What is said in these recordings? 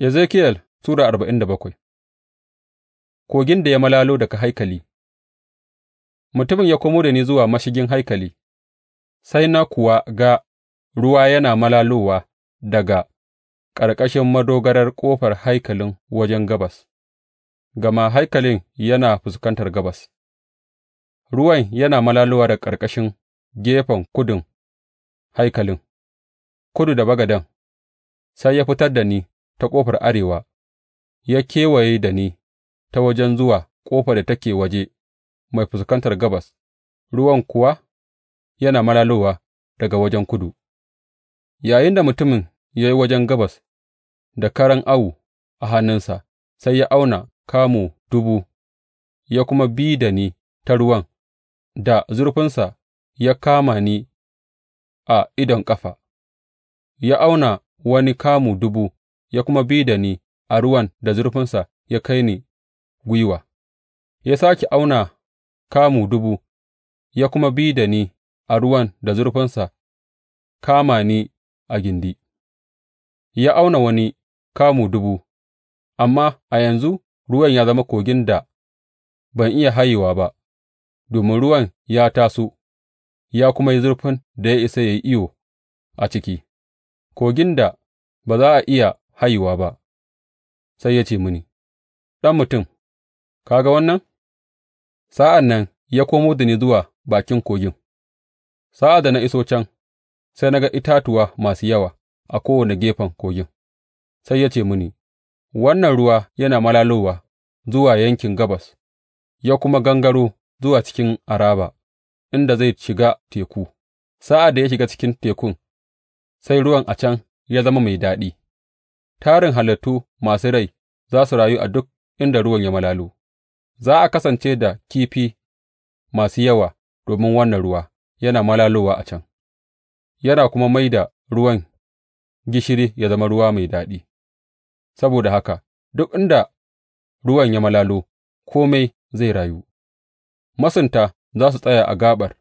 Ezekiyel Sura arba'in da bakwai Kogin da ya malalo daga haikali Mutumin ya komo da ni zuwa mashigin haikali, sai na kuwa ga ruwa yana malalowa daga ƙarƙashin madogarar ƙofar haikalin wajen gabas, gama haikalin yana fuskantar gabas, ruwan yana malalowa da ƙarƙashin gefen kudin haikalin, kudu da bagaden, sai ya fitar da ni. ta ƙofar arewa, ya kewaye da ni ta wajen zuwa ƙofar da take waje mai fuskantar gabas, ruwan kuwa yana malalowa daga wajen kudu, yayinda mutumin ya yi wajen gabas da karan awu a hannunsa, sai ya auna kamu dubu, ya kuma bi da ni ta ruwan, da zurfinsa ya kama ni a idon ƙafa, ya auna wani kamu dubu ya kuma bi da ni a ruwan da zurfinsa ya kai ni gwiwa, ya sāke auna kamu dubu, ya kuma bi da ni a ruwan da zurfinsa kama ni a gindi, ya auna wani kamu dubu, amma a yanzu ruwan ya zama kogin da ban iya hayewa ba, domin ruwan ya taso, ya kuma yi zurfin da ya isa ya yi iyo a ciki, kogin da ba za a iya haihuwa ba, sai ya ce mini, Ɗan mutum, ka ga wannan? Sa'an nan ya komo da ni zuwa bakin kogin, sa'ad da na iso can, sai na ga itatuwa masu yawa a kowane gefen kogin, sai ya ce mini, Wannan ruwa yana malalowa zuwa yankin gabas, ya kuma gangaro zuwa cikin Araba, inda zai shiga teku, sa'ad da ya shiga cikin tekun, sai ruwan a can ya zama mai daɗi. tarin halittu masu rai za su rayu a duk inda ruwan ya malalo; za a kasance da kifi masu yawa domin wannan ruwa yana malalowa a can yana kuma mai da ruwan gishiri ya zama ruwa mai daɗi; saboda haka duk inda ruwan ya malalo, kome zai rayu, masunta za su tsaya a gaɓar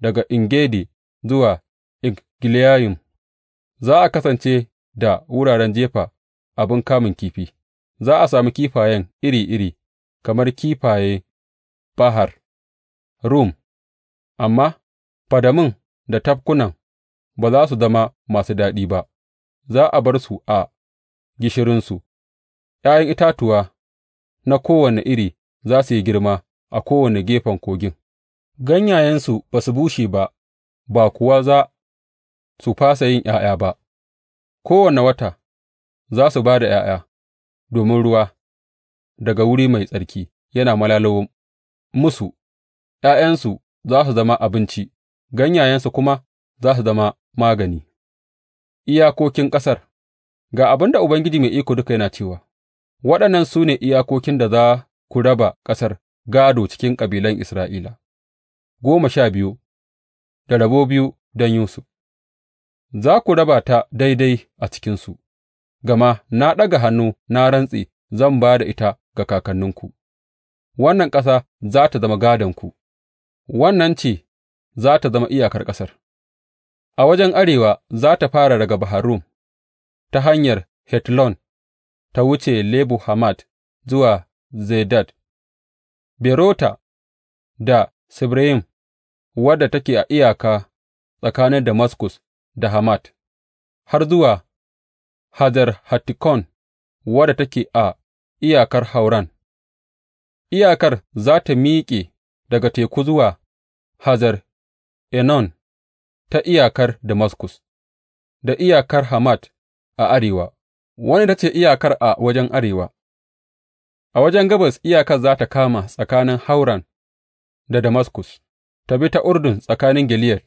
daga ingedi zuwa En za a kasance da wuraren jefa abin kamun kifi, za a sami kifayen iri iri, kamar kifaye Bahar, Rum, amma Fadamin da tafkunan ba za su zama masu daɗi ba, za a bar su a gishirinsu, ’ya'yan itatuwa na kowane iri za su yi girma a kowane gefen kogin, ganyayensu ba su bushe ba, ba kuwa za su fasa yin ’ya'ya ba, kowane wata. za su ba da ’ya'ya domin ruwa daga wuri mai tsarki yana malalo musu, ’ya'yansu za su zama abinci, ganyayensu kuma za su zama magani, iyakokin ƙasar Ga abin da Ubangiji Mai Iko Duka yana cewa, Waɗannan su ne iyakokin da za ku raba ƙasar gado cikin kabilan Isra'ila, goma sha biyu da rabo biyu don Yusuf, za ku raba ta daidai a cikinsu. Gama na ɗaga hannu na rantse zan ba da ita ga kakanninku, wannan ƙasa za tă zama gādonku, wannan ce za tă zama iyakar ƙasar, a wajen arewa za ta fara daga Bahar ta hanyar Hetlon ta wuce Lebo Hamad zuwa Zedad, Berota da Sibrayim, wadda take a iyaka tsakanin Damaskus da Hamad, har zuwa Hazar Hattikon wadda take a iyakar Hauran, iyakar za tă miƙe daga teku zuwa Hazar Enon ta iyakar Damaskus, da iyakar Hamat a arewa, Wani ta ce iyakar a wajen arewa, a wajen gabas iyakar za ta kama tsakanin Hauran da Damaskus, ta bi ta Urdun tsakanin Gileyar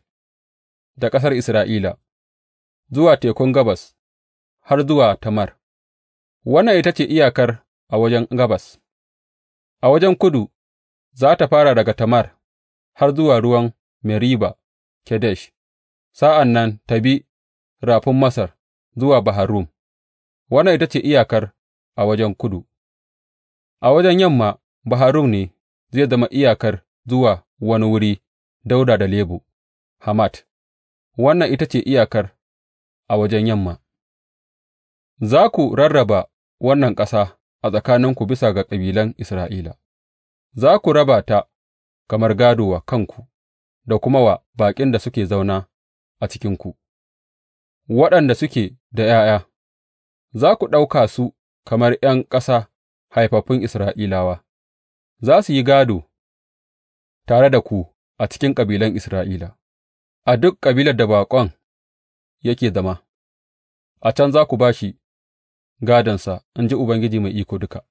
da ƙasar Isra'ila, zuwa tekun gabas. har zuwa Tamar, wannan ita ce iyakar a wajen gabas, a wajen kudu za ta fara daga Tamar har zuwa ruwan Meriba Kadesh, sa'an nan ta bi rafin Masar zuwa Bahar Rum, wannan ita ce iyakar a wajen kudu, a wajen yamma Bahar ne zai zama iyakar zuwa wani wuri Dauda da lebu Hamat, wannan ita ce iyakar a wajen yamma. Za ku rarraba wannan ƙasa a tsakaninku bisa ga kabilan Isra'ila, za ku raba ta kamar gādo wa kanku da kuma wa baƙin da suke zauna a cikinku, waɗanda suke da ’ya'ya, za ku ɗauka su kamar ’yan ƙasa haifaffun Isra'ilawa, za su yi gādo tare da ku a cikin kabilan Isra'ila, a duk kabilar da baƙon yake zama, a can za ku ba shi gādonsa, in ji Ubangiji Mai Iko Duka.